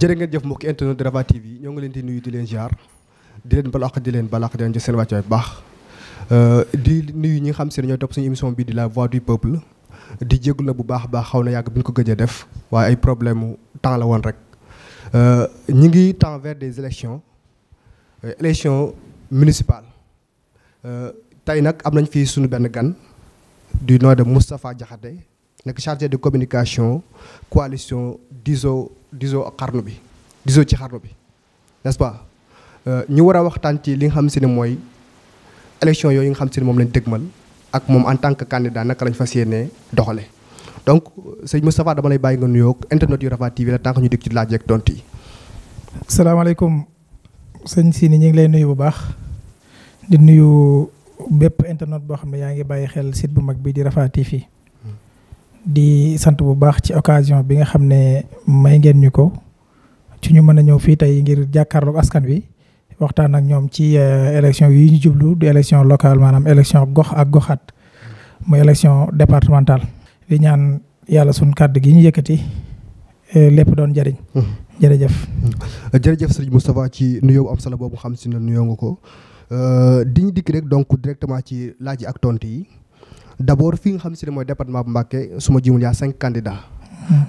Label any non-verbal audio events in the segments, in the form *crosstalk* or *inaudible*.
jërë ngeen jëf mbokki internet de Rafah TV ñoo ngi leen di nuyu di leen ziar di leen balaq di leen balaq di leen jox seen wàccuwaay bu baax euh, di nuyu ñi xam si ne ñooy topp suñu émission bi di la voix du peuple di jégalu la bu baax baax xaw na yàgg bi ñu ko gëj a def waaye ay problème temps la woon rek euh, ñi ngi temps vers des élections euh, élections municipales tey nag am nañ fii suñu benn gan di nom de Moustapha Diakhaté nekk chargé de communication coalition diso disoo xarnu bi disoo ci xarnu bi n'est-ce pas euh, ñu war a waxtaan ci li nga xam si ne mooy élection yooyu nga xam si ne moom lañ dëgmal ak moom en tant que candidat naka lañ fas yéenee doxale donc sëñ Moustapha dama lay bàyyi nga nuyoo internet yu Rafah TV la tant que ñu dégg ci laaj yeeg tontu yi. salaamaaleykum sëñ Sini ñu ngi lay nuyu bu baax di nuyu bépp internet boo xam ne yaa ngi bàyyi xel site bu mag bi di Rafah TV fii di sant bu baax ci occasion bi nga xam ne may ngeen ñu ko ci ñu mën a ñëw fii tey ngir jàkkaarloog askan wi waxtaan ak ñoom ci euh, élection yi ñu jublu di élection locale maanaam élection gox ak goxaat muy élection départementale di ñaan yàlla suñ kàdd gi ñu yëkkati euh, lépp doon jëriñ. Hmm. jërëjëf. Hmm. jërëjëf sëriñ Moustapha ci nuyoo am solo boobu xam si ne nuyoo nga ko euh, di ñu dikk rek donc directement ci laaj ak tontu yi. d' abord fi nga xam si ne mooy département bu Mbacké su ma jumul yaa cinq candidats.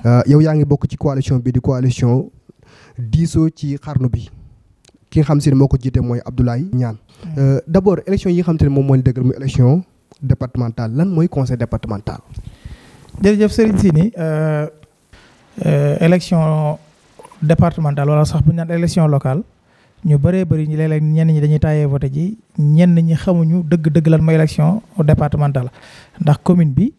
Euh, yow yaa ngi bokk ci coalition bi di coalition diisoo ci xarnu bi ki nga xam si ne moo ko jiite mooy Abdoulaye ñaan euh, d' abord élection yi nga xam te ne moom mooy ñu dëggal muy élection départementale lan mooy conseil départemental. jërëjëf Serigne Sini euh, élection départementale wala sax bu ñu naan locale. ñu bëree bari ñu léeg ñenn ñi dañuy taayee voté ji ñenn ñi xamuñu dëgg-dëgg lan mooy élection départementale ndax commune bi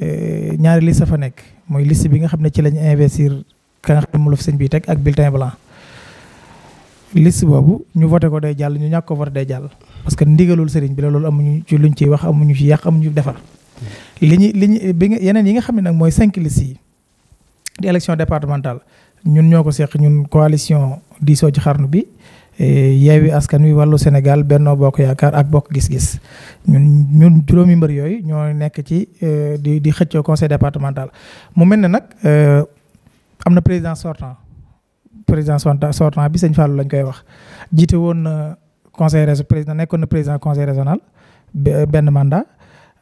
euh, ñaari liste fa nekk mooy liste bi nga xam ne ci lañ investir ka nga xam ne bi teg ak bulletin blanc. liste boobu ñu ko day jàll ñu ñàkk ko voté day jàll parce que ndigalul sëriñ bi la loolu amuñu ci luñ ciy wax amuñu ci yàq amuñu defar. li ñu li ñu bi nga yeneen yi nga xam ne nag mooy cinq listes yi di élection départementale ñun ñoo ko seq ñun coalition diisoo ci xarnu bi. Eh, Yewwi Askan Wi wàllu Sénégal Benno Bokk Yaakaar ak Bokk Gis Gis ñun ñun juróomi mbër yooyu ñoo nekk ci eh, di di xëccoo conseil départemental mu mel ne nag eh, am na président sortant président sortant bi sëñ Fallou lañ koy wax jiite woon na conseil président nekkoon na président conseil régional benn mandat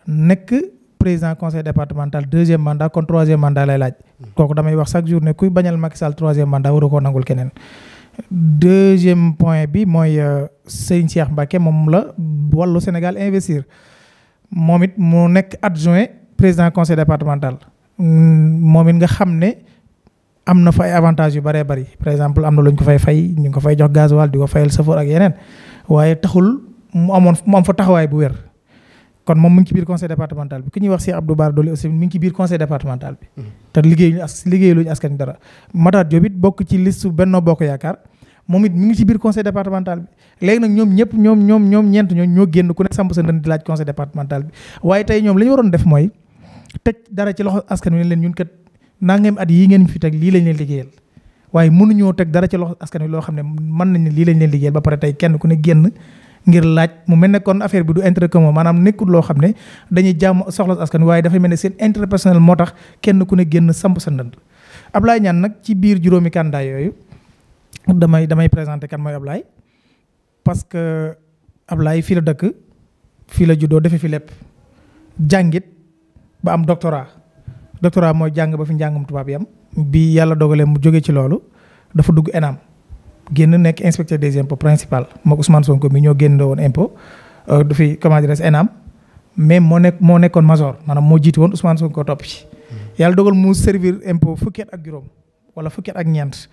nekk président conseil départemental deuxième mandat kon troisième mandat lay laaj hmm. kooku damay wax chaque jour ne kuy bañal Macky Sall troisième mandat koo nangul keneen deuxième point bi mooy euh, Serigne Cheikh Mbacké moom la wàllu Sénégal investir moom it mu nekk adjoint président conseil départemental mmh, moom it nga xam ne am na fa ay avantages yu bëree bari par exemple am na lu ñu ko fay fay ñu ngi ko fay jox gasoil di ko fayal safoor ak yeneen waaye taxul mu amoon mu am fa taxawaay bu wér kon moom mu ngi ci biir conseil départemental bi ku ñuy wax si Abdou Bara Dolly aussi mi ngi ci biir conseil départemental bi. Hmm. te liggéeyuñu as liggéeyuñu askan dara. Matar Diop bokk ci liste Benno Bokk Yaakaar moom it mi ngi ci biir conseil départemental bi léegi nag ñoom ñëpp ñoom ñoom ñoo ñoo génn ku nekk samp sa ndënd di laaj conseil départemental bi waaye tey ñoom li leen ñun kat nangam at yii ngeen fi teg lii lañ leen liggéeyal waaye mënuñoo teg dara ci loxo askan wi loo xam ne mën nañ ne lii lañ leen liggéeyal ba pare tey kenn ku ne génn ngir laaj mu mel ne kon affaire bi du intérêt commun maanaam nekkul loo xam ne dañuy jàmm soxla askan waaye dafay mel ne seen intérêt personnel moo tax kenn ku ne génn samp sa ndënd Ablaye ñaan nag ci biir juróomi candidat yooyu damay damay présenté kan mooy Ablaye parce que Ablaye fii la dëkk fii la juddoo defe fi lépp jàngit ba am doctorat doctorat mooy jàng ba fi njàngum tubaab yam bi yàlla dogalee mu jóge ci loolu dafa dugg enaam génn nekk inspecteur des impo principal moog Ousmane Sonko mi ñoo génn woon impôt euh, du fi comment dirais ENAM mais moo nekk moo nekkoon major maanaam moo jiit woon Ousmane Sonko topp ci. Mm-hmm. yàlla dogal mu servir impôt fukki at ak juróom wala fukki ak ñeent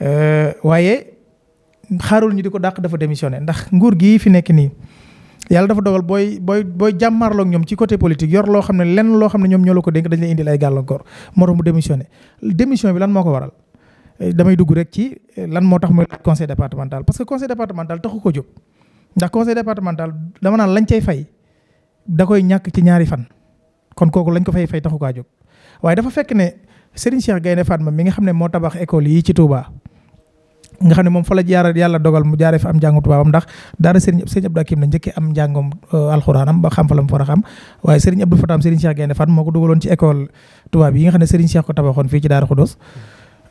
euh, waaye xaarul ñu di ko dàq dafa démissionné ndax nguur gii fi nekk nii. yàlla dafa dogal booy booy booy jàmmarloo ak ñoom ci côté politique yor loo xam ne lenn loo xam ne ñoom ñoo la ko dénk dañ lay indil ay gàllankoor mu démissionné démission bi lan moo ko waral. damay dugg rek ci eh, lan moo tax mooy conseil départemental parce que conseil départemental taxu ko jóg ndax conseil départemental dama naan lañ cay fay da koy ñàkk ci ñaari fan kon kooku lañ ko fay fay taxu kaa jóg waaye dafa fekk ne Serigne Cheikh Gaynde Fatma mi nga xam ne moo tabax école yi ci Touba nga xam ne moom la jaar yàlla dogal mu jaaree fa am ndax daara Serigne Serigne Abdou Hakim la njëkkee am euh, la a xam waaye Serigne Abdou Fatam Serigne Cheikh Gaynde Fatma moo ko dugaloon ci école tubaab yi nga xam ne Serigne Cheikh ko tabaxoon fii ci Daara Khoudoss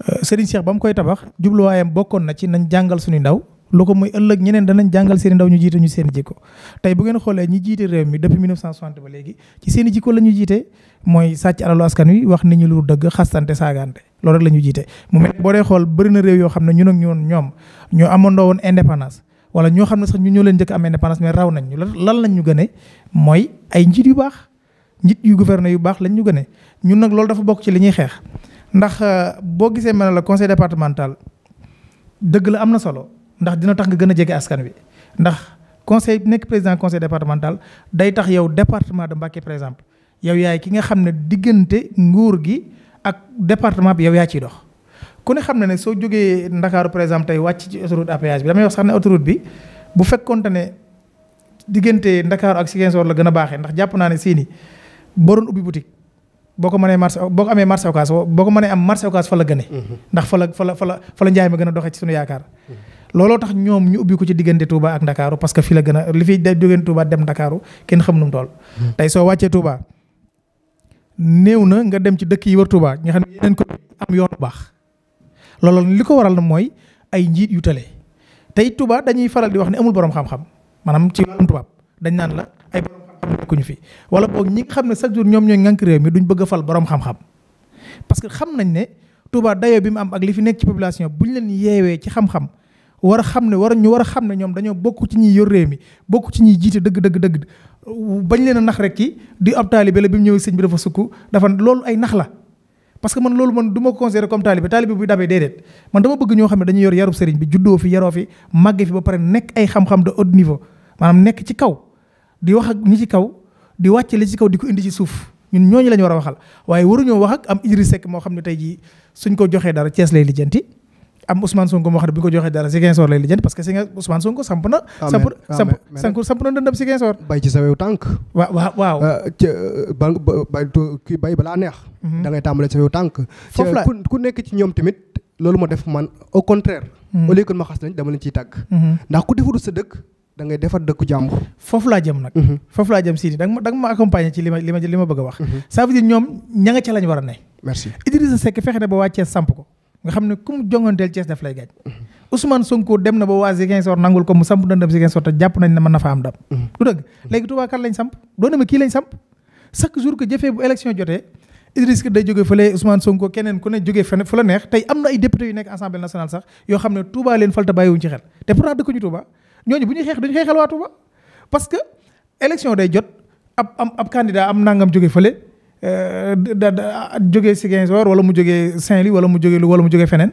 Euh, Serigne Cheikh ba mu koy tabax jubluwaayam bokkoon na ci nañ jàngal suñu ndaw loo ko mooy ëllëg ñeneen danañ jàngal seen ndaw ñu jiite ñu seen jikko tey bu ngeen xoolee ñu jiite réew mi depuis 1960 ba léegi ci seen jikko la ñu jiite mooy sàcc alalu askan wi wax nit ñi dëgg xastante saagante loolu la ñu jiite. mu mel boo dee xool bëri na réew yoo xam ne ñun ak woon ñoom ñoo amandoo woon indépendance wala ñoo xam ne sax ñu ñoo leen njëkk am indépendance mais raw nañ ñu lan lañ ñu gënee mooy ay njiit yu baax njiit yu gouverner yu baax lañ ñu gënee ñun nag loolu dafa bokk ci li ñuy xeex ndax euh, boo gisee ma ne la conseil départemental dëgg la am na solo ndax dina tax nga gën a jege askan wi ndax conseil nekk président conseil départemental day tax yow département de Mbacké par exemple yow yaay ki nga xam ne diggante nguur gi ak département bi yow yaa ciy dox. ku ne xam ne ne soo jógee Ndakaaru par exemple tey wàcc ci autoroute à péage bi damay wax sax ne autoroute bi bu fekkonte ne diggante Ndakaaru ak Ziguinchor la gën a baaxee ndax jàpp naa ne seeni boo doon ubbi boo ko mënee marché boo ko amee marché occas boo ko mënee am marché occas fa la gëne mm-hmm. ndax fa la fa la njaay ma gën a doxee ci suñu yaakaar mm-hmm. looloo tax ñoom ñu ubbi ko ci diggante Touba ak Ndakaaru parce que fi la gën a li fi day jógeen Touba dem kenn xam nu mu toll mm-hmm. tey wàccee Touba néew na nga dem ci dëkk yi war Touba nga xam ne yeneen ko am yoon bu baax loolu li ko waral na mooy ay njiit yu tële tey Touba dañuy faral di wax ne amul boroom xam-xam maanaam ci wàllum tubaab dañ naan la ay nekkuñu fi wala boog ñi xam ne chaque jour ñoom ñooy ngànk réew mi duñ bëgg a fal borom xam-xam parce que xam nañ ne Touba dayoo bi mu am ak li fi nekk ci population buñ leen yeewee ci xam-xam war a xam ne war a xam ne ñoom dañoo bokk ci ñiy yor réew mi bokk ci ñiy jiite dëgg dëgg dëgg bañ leen a nax rek ki di ab taalibe la bi mu ñëwee sëñ bi dafa sukk dafa loolu ay nax la parce que man loolu man duma ma ko considéré comme taalibe taalibe buy dabee déedéet man dama xam ne dañuy yor yarub sëriñ bi juddoo fi yaroo fi màgge fi ba pare nekk ay xam-xam de haut niveau maanaam nekk ci kaw di wax ak ñi ci kaw di wàcce li ci kaw di ko indi ci suuf ñun ñooñu la war a waxal waaye waruñoo wax am Idriss Seck moo xam ne tey jii suñ ko joxee dara cees lay lijjanti am Ousmane Sonko moo xam ne bu ko joxee dara Ziguinchor lay lijjanti parce que Ziguinchor Ousmane Sonko samp na. samp samp samp na dëndam Ziguinchor. bay ci sa wew tànk. waaw waaw waaw. ca ba ba bay balaa neex. Mhm. da ngay tàmbalee sa wew tànk. foofu la ku nekk ci ñoom tamit loolu ma def man au contraire. Mhm. au lieu que ma dama leen ciy tàgg. Mhm. ndax sa dëkk da ngay defar dëkku jàmbur. foofu laa jëm nag. Mhm. foofu laa jëm Sidi da ma accompagner ma li ma li bëgg a wax. Mhm. ça veut dire ñoom ña nga war a ne. merci Idrissa Seck fexe na ba waa Thiès samp ko nga xam ne ku mu jonganteel daf lay gaaj. Mhm. Ousmane Sonko dem na ba waa Ziguinchor nangul ko mu samp dëndam Ziguinchor te jàpp nañ ne mën na am dam du dëgg léegi Touba kan lañ samp doo ne ma kii lañ samp chaque jour que jëfee bu élection jotee Idriss Seck day ñooñu bu ñu xeex dañu xeexal waa Touba parce que élection day jot ab am ab candidat am nangam jóge fële euh, da da jóge Ziguinchor wala mu jóge Saint-Louis wala mu jóge wala mu jóge feneen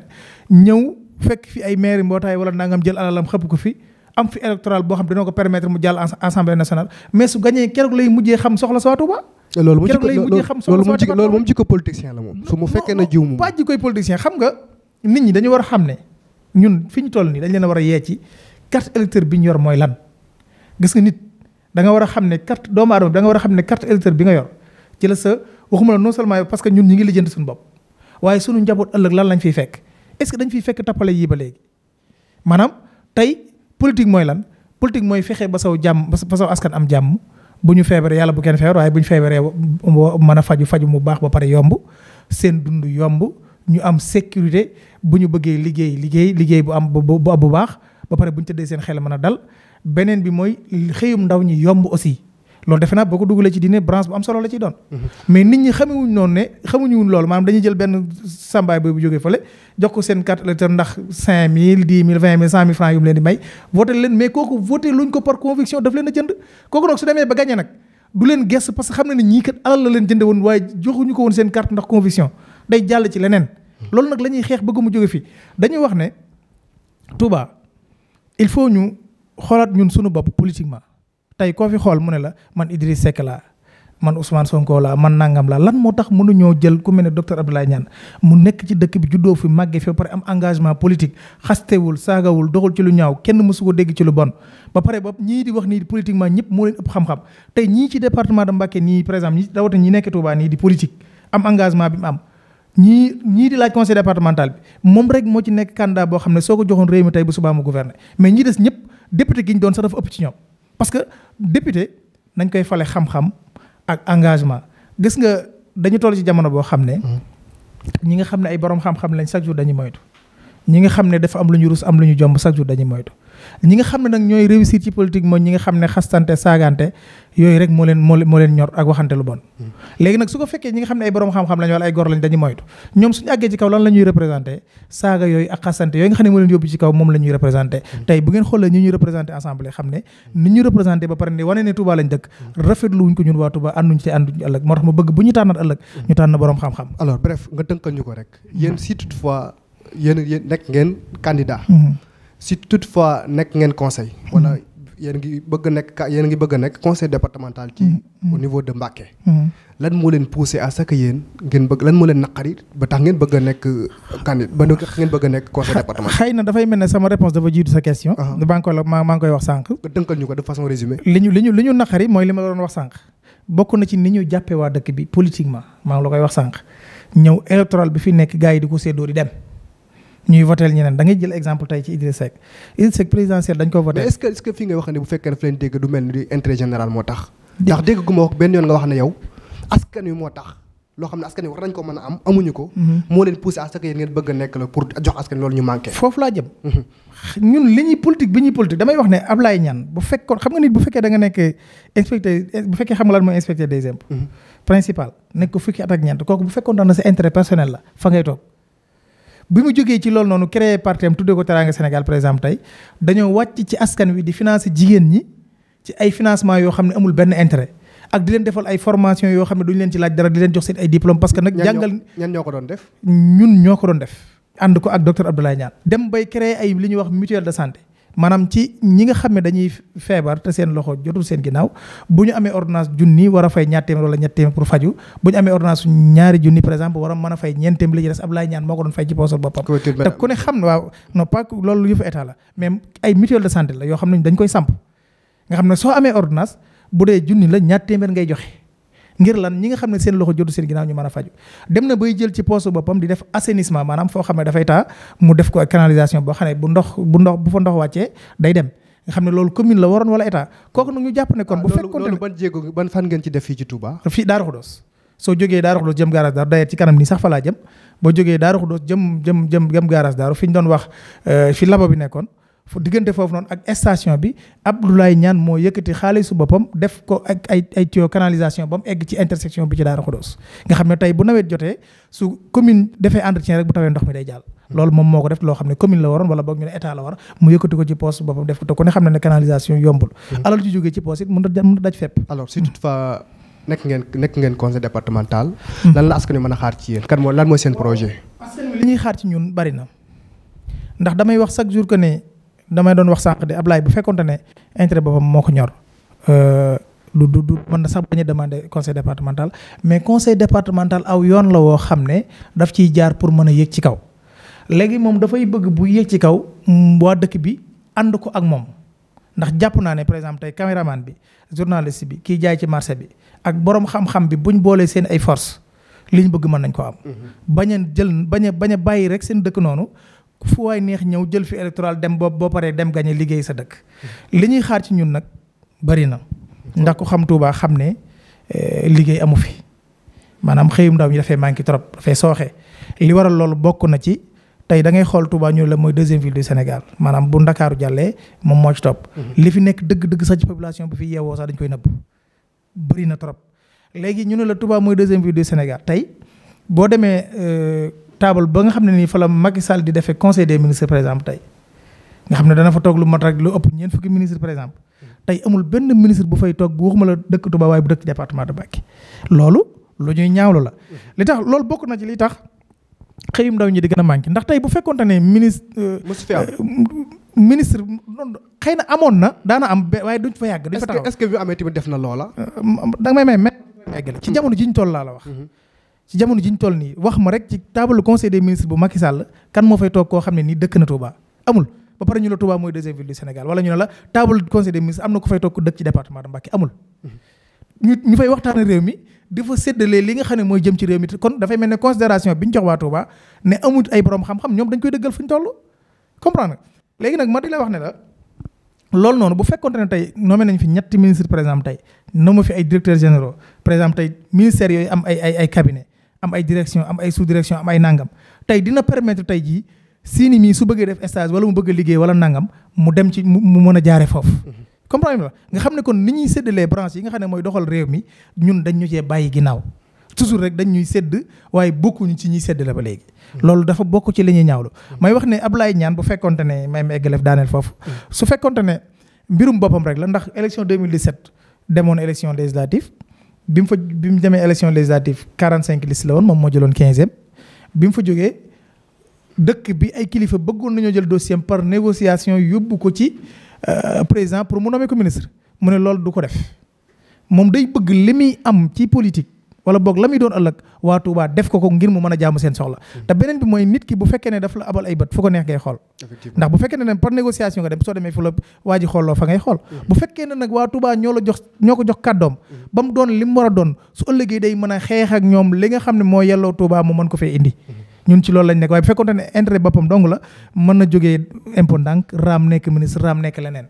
ñëw fekk fi ay maire mbootaay wala nangam jël alalam xëpp ko fi am fi électoral boo xam dina ko permettre mu jàll assemblée nationale mais su gagné keroog lay mujjee xam soxla sa waa Touba. loolu moom jikko loolu moom moom jikko politicien la moom. su mu fekkee na jiw moom pas jikkoy politicien xam nga nit ñi dañu war a xam ne ñun fi ñu toll nii dañ leen war a yee ci carte électeur bi ñu yor mooy lan gis nga nit danga war a xam ne carte doomu aadama bi da nga war a xam ne carte électeur bi nga yor ci la sa waxuma la non seulement parce que ñun ñi ngi lijjanti suñ bopp waaye suñu njaboot ëllëg lan lañ fiy fekk est-ce que dañ fiy fekk tappale yii ba léegi maanaam tey politique mooy lan politique mooy fexe ba saw jàmm ba saw askan am jàmm bu ñu feebaree yàlla bu kenn feebar waaye bu ñu feebaree mën a faju faju mu baax ba pare yomb seen dund yomb ñu am sécurité bu ñu bëggee liggéey liggéey liggéey bu am bu baax ba pare bu ñu tëddee seen xel mën a dal beneen bi mooy xëyum ndaw ñi yomb aussi loolu defe naa boo ko dugalee ci diine branche bu am solo la ci mhm. mais nit ñi xamewuñ noonu ne xamuñu loolu maanaam dañuy jël benn sambaay boobu jógee fële jox ko seen carte électeur ndax 5000 10000 20000 100000 francs yu mu leen di may voté leen mais kooku voté luñ ko par conviction daf leen a jënd kooku nag su demee ba gagné nag du leen gess parce que xam na ne ñii kat alal la leen jënde woon waaye joxuñu ko woon seen carte ndax conviction day jàll ci leneen. Mhm. loolu nag la ñuy xeex bëgg mu jóge fi dañuy wax ne Touba. il faut ñu xoolaat ñun suñu bopp politiquement tey koo fi xool mu ne la man Idriss Seck laa man Ousmane Sonko laa man nangam laa lan moo tax mënuñoo jël ku mel ne docteur Abdoulaye Niane mu nekk ci dëkk bi juddoo fi màggee fi ba pare am engagement politique xastewul saagawul doxul ci lu ñaaw kenn mësu ko dégg ci lu bon. ba pare ba ñii di wax nii politiquement ñëpp moo leen ëpp xam-xam tey ñii ci département de Mbacké nii par exemple ñi rawatina ñi nekk Touba nii di politique am engagement bi mu ñii ñii di laaj conseil départemental bi moom rek moo ci nekk candidat boo xam ne soo ko joxoon réew mi tey bu subaa mu gouverner mais ñi des ñëpp député gi ñu doon sax dafa ëpp ci ñoom. parce que député nañ koy fale xam-xam ak engagement gis nga dañu toll ci jamono boo xam ne. Hmm. ñi nga xam ne ay borom xam-xam lañ chaque jour dañuy moytu. ñi nga xam ne dafa am lu ñu rus am lu ñu jomb chaque jour dañuy moytu. ñi nga xam ne nag ñooy réussir ci politique mooy ñi nga xam ne xastante saagante yooyu rek moo leen moo moo leen ñor ak waxante lu bon hmm. léegi nag su ko fekkee ñi nga xam ne ay borom xam-xam lañ wala ay gor lañ dañuy moytu ñoom suñu àggee ci kaw lan la saaga yooyu ak xastante yooyu nga xam ne moo leen yóbbu ci kaw moom la ñuy représenté hmm. tey bu ngeen xoolee ñi ñuy représenté assemblée xam ne hmm. ni ñu représenté ba pare ne wane ne Touba lañ ko ñun waa Touba ànduñ ci ànduñ ëllëg si toutefois nekk ngeen conseil wala yéen ngi bëgg a nekk yéen ngi bëgg a nekk conseil départemental ci mm-hmm. au niveau de Mbacké mm-hmm. lan moo leen poussé à ce que ngeen bëgg lan moo leen naqari ba tax ngeen bëgg a nekk candidat ba tax ngeen bëgg a nekk conseil départemental xëy na dafay mel ne sama réponse dafa jiitu sa question maa ngi koy maa ngi koy wax sànq nga dënkal ñu ko de façon résumé li ñu li ñu li ñu naqari mooy li ma doon wax sànq bokk na ci ni ñu jàppee waa dëkk bi politiquement maa ngi la koy wax sànq ñëw électoral bi fi nekk gars yi di ko séddoo di dem ñuy voté ñeneen da ngay jël exemple tey ci Idrissa Seck Idrissa Seck présidentielle dañ ko voté. mais est ce que est ce que fi ngay wax ne bu fekkee daf leen ne yow askan wi moo a am amuñu ko. Mm-hmm. a nekk la pour jox mm-hmm. bu fekkee nekk inspecteur bu fekkee xam nga lan mooy inspecteur des mm-hmm. principal nekk ko fukki at ak ñeent kooku bu fekkoon daan na sa intérêt personnel la fa ngay toog bi mu jógee ci loolu noonu créé partem tuddee ko Teraanga Sénégal par exemple tey dañoo wàcc ci askan wi di financer jigéen ñi ci ay financement yoo xam ne amul benn intérêt ak di leen defal ay formation yoo xam ne duñu leen ci laaj dara di leen jox seen ay diplôme parce que nag jàngal ñan ñoo doon def ñun ñoo ko doon def ànd ko ak docteur Abdoulaye Niane dem bay créer ay li ñu wax mutuel de santé maanaam ci ñi nga xam ne dañuy feebar te seen loxo jotul seen ginnaaw bu ñu amee ordonnance junni war fay ñaar téeméer pour faju bu ñu amee ordonnance ñaari junni par exemple war a fay ñeent téeméer li ci des Ablaye ñaan moo ko doon fay ci poosal boppam te ku ne xam ne la mais de yoo xam ne dañ koy samp nga xam ne soo amee ordonnance bu dee junni la ñaar téeméer ngay joxe ngir lan ñi nga xam ne seen loxo jotu seen ginnaaw ñu mën a faju dem na bay jël ci poste boppam di def assainissement maanaam foo xam ne dafay taa mu def ko ak canalisation boo xam ne bu ndox bu ndox bu fa wàccee day dem xam ne loolu commune la waroon wala état kooku nag ñu jàpp ne kon ah, bu fekkoon loolu ban jéego ban fan ngeen ci def fii ci Touba fii Daaru Xudoos soo jógee Daaru Xudoos jëm garage Daaru dayeet ci kanam nii sax fa laa jëm boo jógee Daaru Xudoos jëm jëm jëm jëm garage Daaru fi ñu doon wax euh, fi labo bi nekkoon fu diggante foofu noonu ak station bi Abdoulaye Niane moo yëkkati xaalisu boppam def ko ak ay ay tuyau canalisation ba egg ci intersection bi ci Darou Khoudoss nga xam ne tey bu nawet jotee su commune defee entretien rek bu tawee ndox day jàll. loolu moom moo ko def loo xam ne commune la waroon wala boog ñu ne état la war mu yëkkati ko ci mm-hmm. a mënut daj fépp. nekk ngeen nekk ngeen conseil départemental. Mm-hmm. a xaar ci yéen. kan moo lan xaar ci ñun bari na ndax damay wax chaque jour que ne damay doon wax sànq de Ablaye bu fekkonte ne intérêt boppam moo ko ñor du euh, du du mën na sax bañ demande demander conseil départemental mais conseil départemental aw yoon la woo xam ne daf ciy jaar pour mën a yéeg ci kaw léegi moom dafay bëgg bu yéeg ci kaw mm, waa dëkk bi ànd ko ak moom ndax jàpp naa ne par exemple tey caméraman bi journaliste bi kiy jaay ci marché bi ak borom xam-xam bi buñ boolee seen ay force li bëgg mën nañ ko am. Mm-hmm. bañ jël bañ a bañ a bàyyi rek seen dëkk noonu fu waay neex ñëw jël fi électoral dem boo boo paree dem gañe liggéey sa dëkk. li ñuy xaar ci ñun nag bari na. ndax ku xam Touba xam ne eh, liggéey amu fi maanaam xëyum ndaw ñu dafay manqué trop dafay sooxe li waral loolu bokk na ci. tey da ngay xool Touba ñu la mooy deuxième ville du Sénégal maanaam bu Ndakaaru jàllee moom moo ci topp. Mhm. li fi nekk dëgg-dëgg sax ci population bi fi yeewoo sax dañ koy nëbb. bëri na trop léegi ñu ne la Touba mooy deuxième ville du Sénégal tey boo demee euh, taabal ba nga xam ne nii fa la Macky Sall di defee conseil des ministres par exemple tey nga xam ne dana fa toog lu mot rek lu ëpp ñeent fukki ministre par exemple tey amul benn ministre bu fay toog bu waxuma la dëkk Touba waaye bu dëkk département de Mbacké loolu lu ñuy ñaawlu la mhm. li tax loolu bokk na ci li tax xëyum ndaw ñi di gën a manqué ndax tey bu fekkonte ne ministre euh, euh, ministre xëy na amoon na daana am waaye duñ fa yàgg duñ fa taxaw est-ce que bi amee def na loola euh, danga may may mais ci jamono ji ñu toll laa la wax mhm. ci jamono ji ñu toll nii wax ma rek ci taabalu conseil des ministres bu Macky Sall kan moo fay toog koo xam ne nii dëkk na Touba amul ba pare ñu la Touba mooy deuxième ville du Sénégal wala ñu ne la taabalu conseil des ministres am na ko fay toog ku dëkk ci département de Mbacké amul mm-hmm. ñu ñu fay waxtaane réew mi di fa séddalee li nga xam ne mooy jëm ci réew mi kon dafay mel ne considération bi ñu jox waa Touba ne amul ay borom xam-xam ñoom dañ koy dëggal fu ñu toll comprendre léegi nag ma di la wax ne la loolu noonu bu fekkonte ne tey nommé nañ fi ñetti ministre par exemple tey nommé fi ay directeurs généraux par exemple tey ministères yooyu am ay ay ay cabinet am ay direction am ay sous direction am ay nangam tey dina permettre tey jii siini mii su bëggee def stage wala mu bëgg a liggéey wala nangam mu dem ci mu mën a jaare foofu mm-hmm. comprendre nga xam ne kon ni ñuy séddalee branche yi nga xam ne mooy doxal réew mi ñun dañ ñu cee bàyyi ginnaaw toujours rek dañ ñuy sédd waaye bokkuñu ci ñuy séddale ba léegi mm-hmm. loolu dafa bokk ci li ñuy ñaawlu mm-hmm. may wax ne Ablaye Niane bu fekkonte ne may ma eggalef daaneel foofu la ndax bi mu fa bi mu demee élection législative 45 liste la woon moom moo jëloon 15 bi mu fa jógee dëkk bi ay kilifa bëggoon nañoo jël dossier par négociation yóbbu ko ci euh, président pour mu nommer ko ministre mu ne loolu du ko def moom day bëgg li muy am ci politique wala boog la muy doon ëllëg waa Touba def ko ko ngir mu mën a jaamu seen soxla hmm. te beneen bi mooy nit ki bu fekkee ne daf la abal ay bët fu ko neex ngay xool ndax bu fekkee ne nag par négociation nga dem soo demee fa ngay xool hmm. bu fekkee ne nag waa ñoo la jox ñoo ko jox kàddoom hmm. ba mu doon li mu war a doon su ëllëgee day mën a xeex ak ñoom li nga xam ne moo yelloo Touba mu mën ko fee indi ñun ci loolu nekk waaye bu fekkoonte ne intérêt boppam dong la mën na jógee impôt ndànk raam nekk ministre raam nekk leneen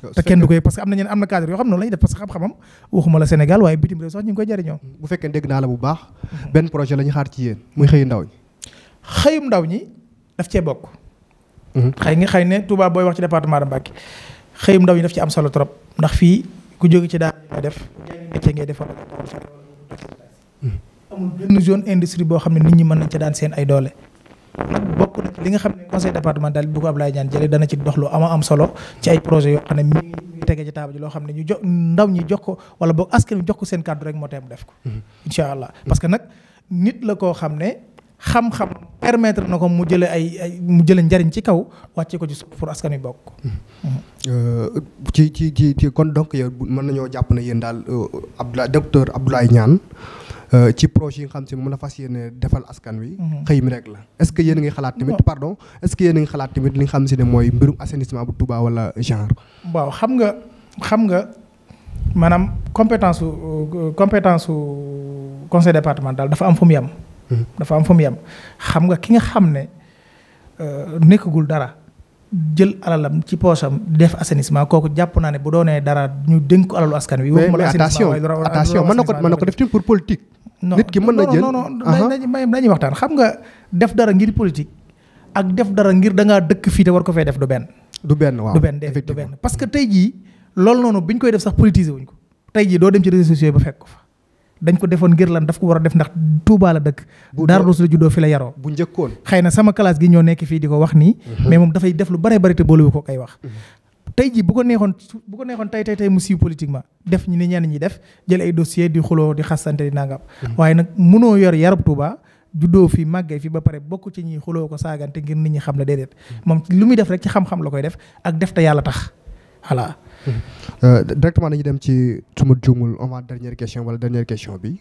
te kenn du koy parce que am na ñeneen am na cadre yoo xam noonu la ñuy def parce que xam-xamam waxuma la Sénégal waaye bitim réew sax ñu ngi koy jëriñoo. Mm-hmm. bu fekkee dégg naa la bu baax. Mm-hmm. benn projet la xaar ci yéen muy xëyu ndaw ñi. xëyum ndaw ñi daf bokk. Mm-hmm. xëy nga xëy ne Touba booy wax ci département de Mbacké ndaw ñi daf ci am solo trop ndax fii ku jóge ci daal ngay def métier ngay def amul benn boo xam ne nit ñi mën nañ ca daan seen ay doole nag bokk li nga xam ne conseil départemental bi bu ko Ablaye Niane jëlee dana ci dox lu ama am solo ci ay projet yoo xam ne mi ngi tege ci table ji loo xam ne ñu jox ndaw ñi jox ko wala boog askan wi jox ko seen kàddu rek moo teem def ko mm-hmm. incha allah parce que nag nit la koo xam ne xam-xam permettre na ko mu jëlee ay ay mu jëlee njariñ ci kaw wàcce ko ci suuf pour askan wi bokk. Mm-hmm. Mm-hmm. Euh, ci ci ci kon donc yow mën nañoo jàpp na yéen daal euh, Abdoulaye docteur Abdoulaye ñaan Euh, ci projet yi nga xam te ne moom fas yéene defal askan wi. Mhm. xëy mi rek la est-ce que yéen a ngi xalaat tamit pardon est-ce a li nga xam si ne mooy mbirum assainissement bu Touba wala genre. waaw xam nga xam nga maanaam compétence su euh, compétence su conseil daal dafa am fu mu yem. Mhm. dafa am fu mu yem xam nga ki nga xam ne euh, nekkagul dara. jël alalam ci poosam def assainissement kooku jàpp naa ne bu doonee dara ñu dénk ko alalu askan wi. mais mais attention attention mën na ko mën na ko def tamit pour politique. nit ki mën na nga def dara ngir politique. ak def dara ngir da ngaa dëkk fii te war ko fee def du benn. du benn waaw benn du benn parce que tey jii loolu noonu bi ñu koy def sax politiser wuñ ko tey jii doo dem ci réseaux sociaux ba fekk ko fa. dañ ko defoon ngir lan daf ko war a def ndax Touba la dëkk Darou Khoudoss la juddoo fi la yaroo bu njëkkoon xëy na sama classe gi ñoo nekk fii di ko wax nii mhm. mais moom dafay def lu bare bari te boolewu ko kay wax mhm. tey jii bu ko neexoon bu ko neexoon tey tey tey mu siiw politiquement def ñi ni ñenn ñi def jël ay dossier di xuloo di xasante di nangam mhm. waaye nag munoo yor yarub Touba juddoo fi màggee fi ba pare bokk ci ñi xuloo ko saagante ngir nit ñi xam la déedéet moom lu muy def rek ci xam-xam koy def ak def yàlla tax voilà Euh, directement dañuy dem ci suma juumul avant dernière question wala dernière question bi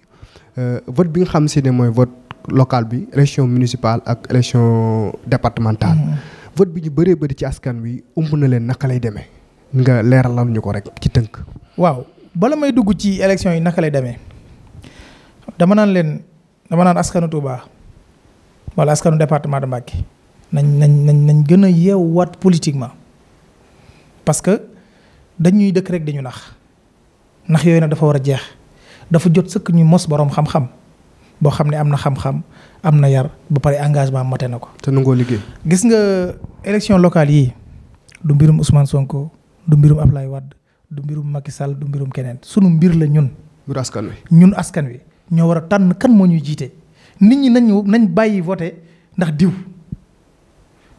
euh, vote bi nga xam si ne mooy vote local bi élection municipale ak élection départementale. Mm-hmm. vote bi ñu bëree bëri ci askan wi ëmb na leen naka lay demee. nga leeralal ñu ko rek ci tënk. waaw bala may dugg ci élection yi naka lay demee dama naan leen dama naan askanu Touba wala askanu département de Mbacké nañ nañ nañ nañ gën a yeewaat politiquement parce dañuy dëkk rek dañu nax ndax yooyu nag dafa war a jeex dafa jot sëkk ñu mos boroom xam-xam boo xam ne am na xam-xam am na yar bu pare engagement mate na ko. te nangoo liggéey. gis nga élection locale yi du mbirum Ousmane Sonko du mbirum Ablaye Wade du mbirum Macky Sall du mbirum keneen sunu mbir la ñun. askan ñun askan wi ñoo war a tànn kan moo ñuy jiite nit ñi nañu nañ bàyyi voté ndax diw.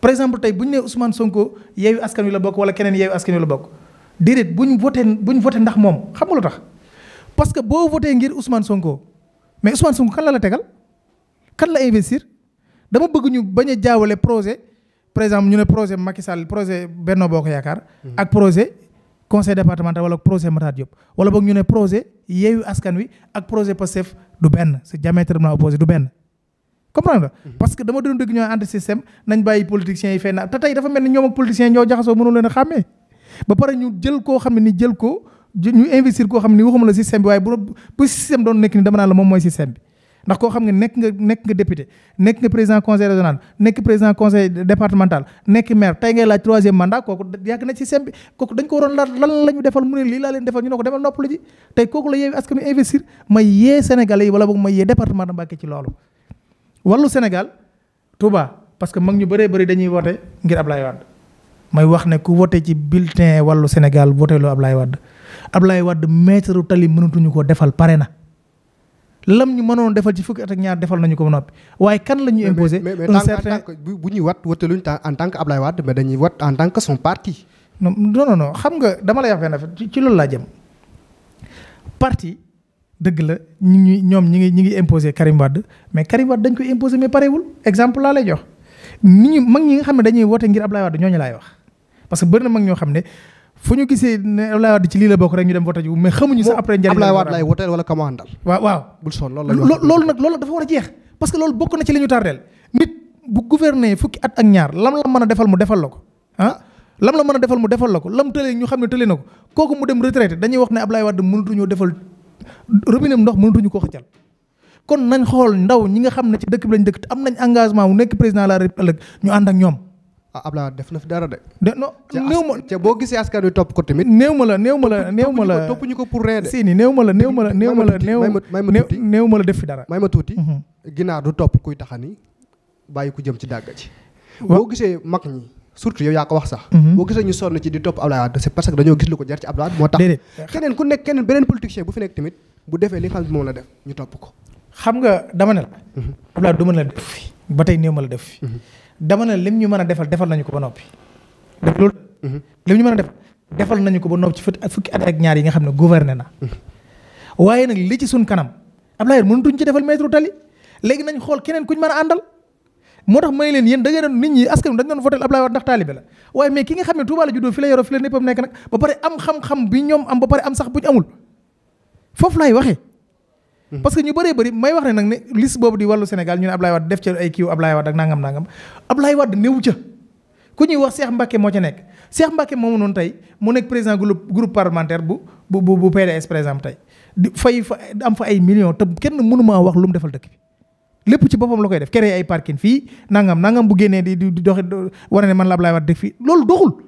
par exemple tey bu ñu nee Ousmane Sonko yeewu askan wi la bokk wala keneen yeewu askan wi bokk déedéet bu ñu voté bu ñu voté ndax moom xam nga tax parce que boo voté ngir Ousmane Sonko mais Ousmane Sonko kan la la tegal kan la investir dama bëgg ñu bañ a jaawale projet par exemple ñu ne projet Macky Sall projet Benno Bokk Yaakaar. Hmm. ak projet conseil départemental wala projet Matar Diop. wala boog ñu ne projet Yewwi Askan Wi ak projet Pastef du benn c'est diamétralement opposé du benn. comprendre hmm. parce que dama doon dëgg ñoo anti système nañ bàyyi politiciens yi leen a ba pare ñu jël koo xam ni jël ko ñu investir koo xam ne ni waxuma la système bi waaye bu système doon nekk ni dama naan la moom mooy système bi ndax koo xam ne nekk nga nekk nga député nekk nga président conseil régional nekk président conseil départemental nekk maire tey ngay laaj troisième mandat kooku yàgg na ci système bi kooku dañ ko waroon laaj lan la defal mu ne lii laa leen defal ñu ne ko demal noppalu ji tey kooku la yeewi askan wi investir may yee Sénégalais parce que mag ñu bëree bëri dañuy woote ngir Ablaye Wade may wax ne ku voté ci bulletin wàllu Sénégal voté loo Ablaye Wade Ablaye Wade maître tali mënatuñu ko defal pare na lam ñu mënoon defal ci fukki at ak ñaar defal nañu ko ba noppi waaye kan la ñuy imposé. un certain bu ñuy wat wateluñ en tant que Ablaye Wade mais dañuy wat en tant que son parti. non xam nga dama lay wax benn affaire ci laa jëm parti dëgg la ñu ngi ñoom ñi ngi ñi ngi imposé Karim mais Karim Wade dañ koy imposé mais parewul exemple laa lay jox. ni ñu mag ñi nga xam ne dañuy woote ngir Ablaye Wade ñooñu laay wax. parce que bëri na mag ñoo xam ne fu ñu gisee ne Ablaye Wade ci lii la bokk rek ñu dem voté ji mais xamuñu sax après njëriñ Ablaye Wade lay woteel wala kamu a jeex parce que ak ñaar lam la mën a defal mu defal la ko ah la mën a defal mu defal ko lam tëlee ñu xam ne tëlee na ko kooku mu dem retraité wax ne Ablaye Wade mënutuñoo defal robinet ndox mënutuñu koo xëccal kon nañ xool ndaw ñi nga xam ne ci dëkk lañ dëkk am nañ engagement mu nekk président la république ñu ànd ak ñoom Abdoulaye def na fi dara de. de non néew ma ca boo gisee askan wi topp ko tamit. néew ma la néew ma la de. si def fi dara. may ma tuuti. Mhm. ginaar du topp kuy taxani bàyyi ku jëm ci dàgga ci. boo gisee mag ñi surtout yow yaa ko wax sax. Mhm. boo gisee ñu sonn ci di topp Abdoulaye Wade c'est parce que dañoo gis lu ko jar ci Abdoulaye Wade moo tax. déedéet keneen ku nekk keneen beneen politicien bu fi nekk tamit bu defee li xam moom la def ñu topp ko. xam nga dama ne la. Mhm. Abdoulaye du ma la dama ne lim ñu mën a defal defal nañu ko ba noppi. def loolu. Mhm. ñu mën a defal defal nañu ko ba noppi ci fukki at ak ñaar yi nga xam ne gouverné na. Mhm. waaye nag li ci suñ kanam Abdoulaye mënutuñ ci defal maître tali léegi nañ xool keneen kuñ mën a àndal. moo tax may leen yéen da ngeen doon nit ñi askan dañ doon votel Abdoulaye Wade ndax taalibe la waaye xam ne Touba la juddoo fi la yoroo fi la néppam nekk am xam-xam ñoom am ba pare am sax buñ amul foofu laay waxee Mhm. parce que ñu bëree bëri may wax ne nag ne liste boobu di wàllu Sénégal ñu ne Ablaye Wade def ca ay kiiw Ablaye Wade ak nangam nangam Ablaye Wade néew ca ku ñuy wax seex Mbacké moo ca nekk Cheikh Mbacké moomu noonu tey mu nekk président groupe groupe parlementaire bu bu bu PDS par exemple tey di fay fa am fa ay millions te kenn mënu maa wax lu mu defal dëkk bi. lépp ci boppam la koy def kere ay parking fii nangam nangam bu génnee di di doxi wane ne man la Ablaye Wade def fii loolu doxul.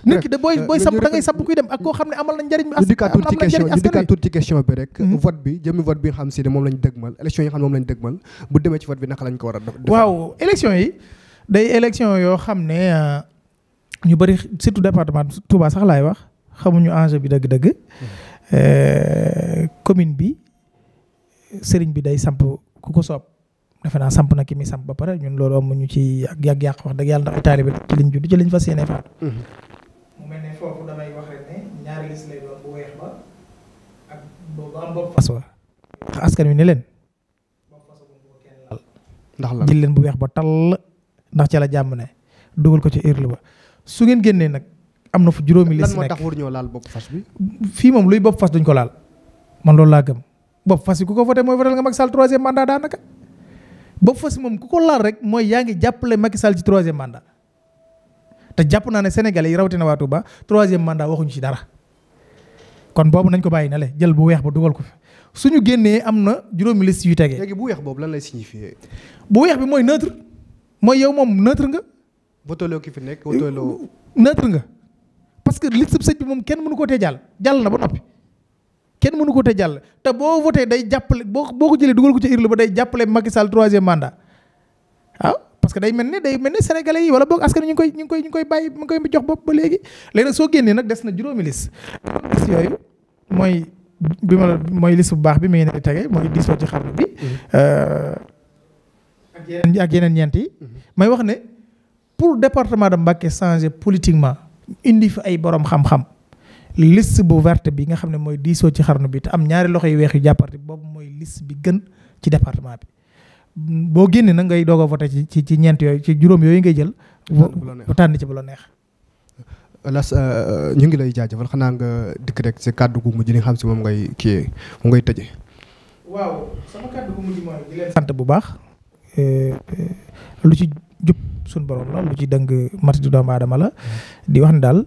nit ki eh, de booy eh, booy sab da ngay kuy dem ak koo xam ne amal na njariñ ñu dikkaat tuuti ci question ñu dikkaat tuuti ci question bi rek hmm? euh, vote bi jëmi vote bi nga xam si ne moom lañ dëgmal élection yi xam ne moom lañ dëgmal bu demee ci vote bi naka lañ ko war a def waaw élection yi day élection yoo xam ne euh, ñu bëri surtout département Touba sax laay wax xamuñu enjeu bi dëgg-dëgg hmm. euh, commune bi sëriñ bi day samp ku ko soob defe naa samp na ki mi samp ba pare ñun loolu amuñu ci yàgg-yàgg wax dëgg yàlla ndax taalibe ci liñ judd ci foofu lay doon bu weex fas wa askan wi ne leen bopp bu ndax la jël leen bu weex ba tall ndax ca jàmm ne dugal ko ci urle ba su ngeen génnee nag am na fu juróomi liste nekk lan moo tax war ñoo laal fas bi fii moom luy bopp fas duñ ko laal man loolu laa gëm bopp fas yi ku ko voté mooy voté nga Macky Sall troisième mandat daanaka bopp fas moom ku ko laal rek mooy yaa ngi jàppale Macky Sall ci troisième mandat jàpp naa ne sénégalais yi rawatina waa Touba troisième mandat waxuñu ci dara kon boobu nañ ko bàyyi na le jël bu weex ba dugal ko fi suñu génnee am na juróomi liste yu tegee. léegi bu weex boobu lan lay signifier. bu weex bi mooy neutre mooy yow moom neutre nga. botooloo ki fi nekk botooloo. nga parce que liste sëñ bi moom kenn mënu ko tee jàll jàll na ba noppi. kenn mënu ko te jàll te boo voté day jàppale boo boo ko jëlee dugal ko ci urne ba day jàppale Macky Sall troisième mandat. parce day mel ne day mel ne sénégalais yi wala boog askan ñu ngi koy ñu ngi koy ñu ngi koy bàyyi mu ngi koy jox bopp ba léegi léegi nag soo génnee nag des na juróomi liste mooy bi ma mooy bu baax bi mi ngi ne di tege mooy diisoo ci xam bi mhm. euh, ak yeneen ñeenti yi mhm. may wax ne pour département de Mbacké changer politiquement indi fi ay borom xam-xam liste bu verte bi nga xam ne mooy diisoo ci xarnu bi te am ñaari loxo yu weex yu jàppante boobu mooy list bi gën ci département bi boo génnee nag ngay doog a voté ci ci ci ñeent yooyu ci juróom yooyu ngay jël. bu tànn ci bu la neex. Las euh, euh, ñu ngi lay jaajëfal xanaa nga dikk rek si kàddu ku mujj li nga xam si moom ngay kii mu ngay tëjee. waaw sama kàddu gu mujj mooy sant bu baax. Euh, lu ci suñu borom la lu ci dëng mati du doomu aadama la mm-hmm. di wax ne daal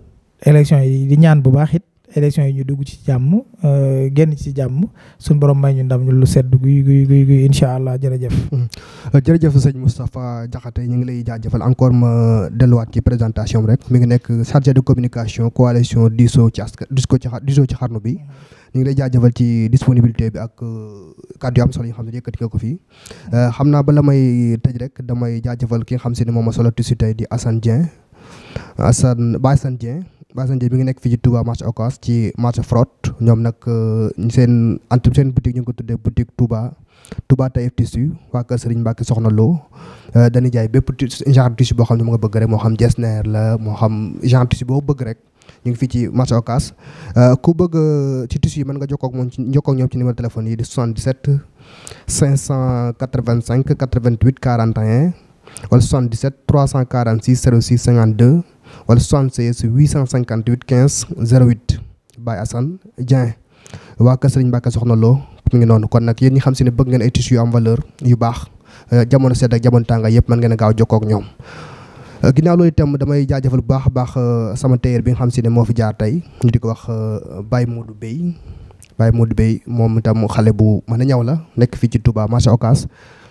élection yi di ñaan bu baax it. élection yi ñu dugg ci jàmm euh, génn ci jàmm suñu borom may ñu ndam ñu lu sedd guy guy guy guy incha allah jërëjëf. Hmm. Euh, jërëjëf sëñ Moustapha Diakhaté ñu ngi lay jaajëfal encore delluwaat ci présentation rek mi ngi nekk chargé de communication coalition diisoo ci askan diisoo ci xarnu bi. ñu ngi lay jaajëfal ci disponibilité bi ak euh, kàddu yu am solo yi xam ne yëkkati nga ko fii xam naa ba la may tëj rek damay jaajëfal ki nga xam si ne moom ma solo tuuti si tey di Assane Dieng Assane Balla Ndiaye bi ngi nekk fii ci tubaa marché Ocass ci marché Frott ñoom nag euh, seen antum seen boutique ñu ngi ko tuddee boutique Touba Touba Taïf tissu waa kër Serigne Mbacke Soxna Lo euh, dañuy jaay bépp genre tissu boo xam ne mu nga bëgg rek moo xam Getzner la moo xam genre tissu boo bëgg rek ñu ngi fii ci marché Ocass euh, ku bëgg ci tissu yi mën nga jokkoo ak moom ci jokkoo ak ñoom ci numéro téléphone yi di 77 585 88 41 wala 77 346 06 52. wala 76 858 15 08 Baye Assane Dieng waa kër Serigne Mbacke Soxna loo mu ngi noonu kon nag yéen ñi xam si ne bëgg ngeen ay tissus yu am yu baax euh, jamono sedd jamono tànga yëpp mën ngeen a gaaw jokkoo ak ñoom. Euh, damay jaajëfal bu baax a baax euh, sama téyeer bi nga xam si ne moo fi jaar tey di ko wax Baye Modou Bey Baye Modou Bey moom itam xale bu mën a ñaw la nekk fii ci Touba marché Ocass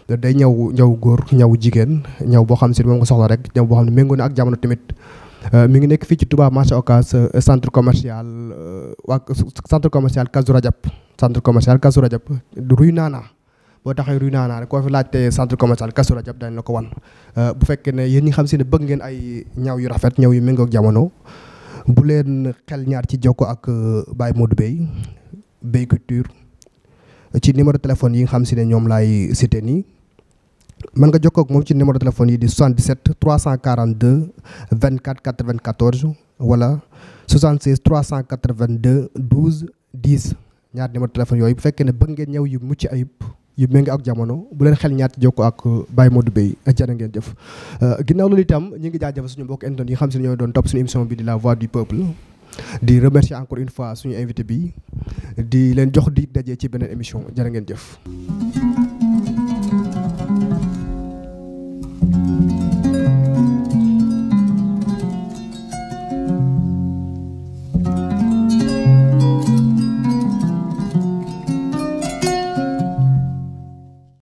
day ñaw ñaw góor ñaw jigéen ñaw boo xam si ne moom soxla rek boo xam ne méngoo na ak jamono tamit. Euh, mi ngi nekk fii ci Touba marché Ocass euh, centre commercial euh, waa centre commercial Kazu Rajab centre commercial Kazu Rajab Rue Nana boo taxee Rue Nana rek koo fi laajtee centre commercial Kazu Rajab dañ la ko wan bu fekkee ne yéen ñi xam si ne bëgg ngeen ay ñaw yu rafet ñaw yu méngoog jamono bu leen xel ñaar ci jokko ak bay Modou Bey Bey Couture ci numéro téléphone yi nga xam si ne ñoom laay cité nii man nga jokkoo ak moom ci numéro téléphone yi di 77 342 24 94 wala 76 382 12 10 ñaar numéro téléphone yooyu bu fekkee ne bëgg ngeen ñëw yu mucc ayib yu méngi ak jamono bu leen xel ñaat ko ak euh, Baye Modou Bey *laughs* jërë ngeen jëf. Euh, ginnaaw loolu itam ñu ngi jaajëfal suñu mbokk internet yi xam si ne ñoo doon topp suñu émission bi di la voix du peuple une fois suñu invité bi di leen jox di dajee ci beneen émission jërë ngeen jëf. thank you